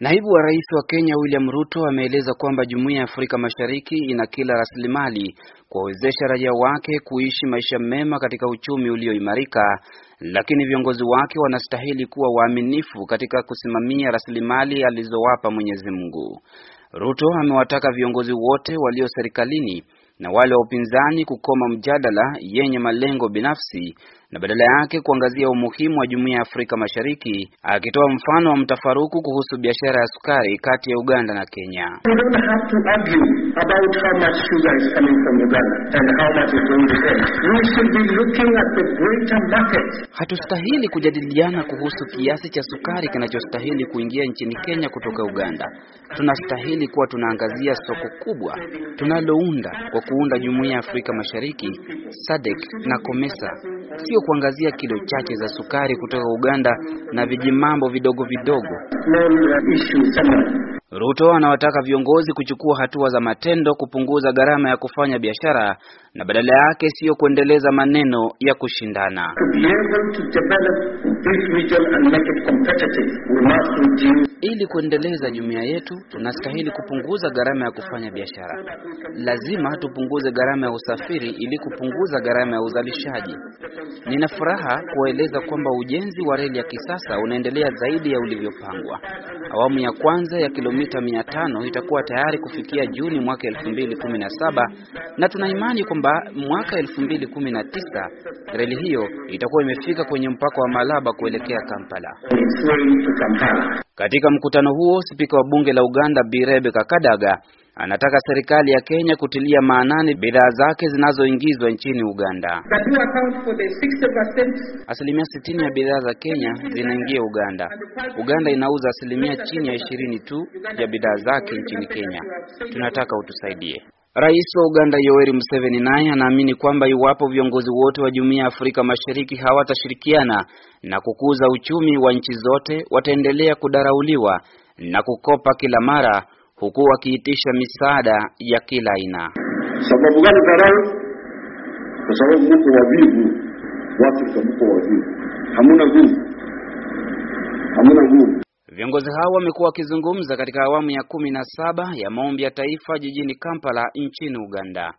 Naibu wa Rais wa Kenya William Ruto ameeleza kwamba Jumuiya ya Afrika Mashariki ina kila rasilimali kuwawezesha raia wake kuishi maisha mema katika uchumi ulioimarika, lakini viongozi wake wanastahili kuwa waaminifu katika kusimamia rasilimali alizowapa Mwenyezi Mungu. Ruto amewataka viongozi wote walio serikalini na wale wa upinzani kukoma mjadala yenye malengo binafsi na badala yake kuangazia umuhimu wa Jumuiya ya Afrika Mashariki, akitoa mfano wa mtafaruku kuhusu biashara ya sukari kati ya Uganda na Kenya. Hatustahili kujadiliana kuhusu kiasi cha sukari kinachostahili kuingia nchini Kenya kutoka Uganda. Tunastahili kuwa tunaangazia soko kubwa tunalounda kwa kuunda Jumuiya ya Afrika Mashariki SADC na COMESA, sio kuangazia kilo chache za sukari kutoka Uganda na vijimambo vidogo vidogo. Ruto anawataka viongozi kuchukua hatua za matendo kupunguza gharama ya kufanya biashara na badala yake siyo kuendeleza maneno ya kushindana. Ili kuendeleza jumuiya yetu, tunastahili kupunguza gharama ya kufanya biashara. Lazima tupunguze gharama ya usafiri ili kupunguza gharama ya uzalishaji. Nina furaha kuwaeleza kwamba ujenzi wa reli ya kisasa unaendelea zaidi ya ulivyopangwa. Awamu ya kwanza ya kilomita 500 itakuwa tayari kufikia Juni mwaka 2017 na tuna imani kwamba mwaka 2019 reli hiyo itakuwa imefika kwenye mpaka wa Malaba Kampala kuelekea Kampala. Katika mkutano huo, spika wa bunge la Uganda Birebe Kakadaga anataka serikali ya Kenya kutilia maanani bidhaa zake zinazoingizwa nchini Uganda. Asilimia sitini ya bidhaa za Kenya zinaingia Uganda. Uganda inauza asilimia chini ya ishirini tu ya bidhaa zake nchini Kenya. Tunataka utusaidie. Rais wa Uganda Yoweri Museveni naye anaamini kwamba iwapo viongozi wote wa Jumuiya ya Afrika Mashariki hawatashirikiana na kukuza uchumi wa nchi zote wataendelea kudarauliwa na kukopa kila mara huku wakiitisha misaada ya kila aina. Sababu gani dharau? Kwa sababu mko wavivu, Waafrika mko wavivu, hamuna nguvu, hamuna nguvu. Viongozi hao wamekuwa wakizungumza katika awamu ya kumi na saba ya maombi ya taifa jijini Kampala nchini Uganda.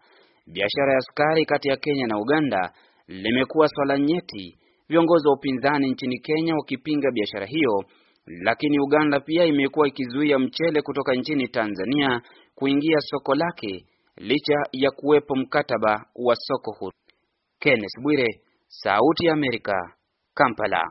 Biashara ya sukari kati ya Kenya na Uganda limekuwa swala nyeti, viongozi wa upinzani nchini Kenya wakipinga biashara hiyo, lakini Uganda pia imekuwa ikizuia mchele kutoka nchini Tanzania kuingia soko lake licha ya kuwepo mkataba wa soko huru. Kenneth Bwire, Sauti ya Amerika, Kampala.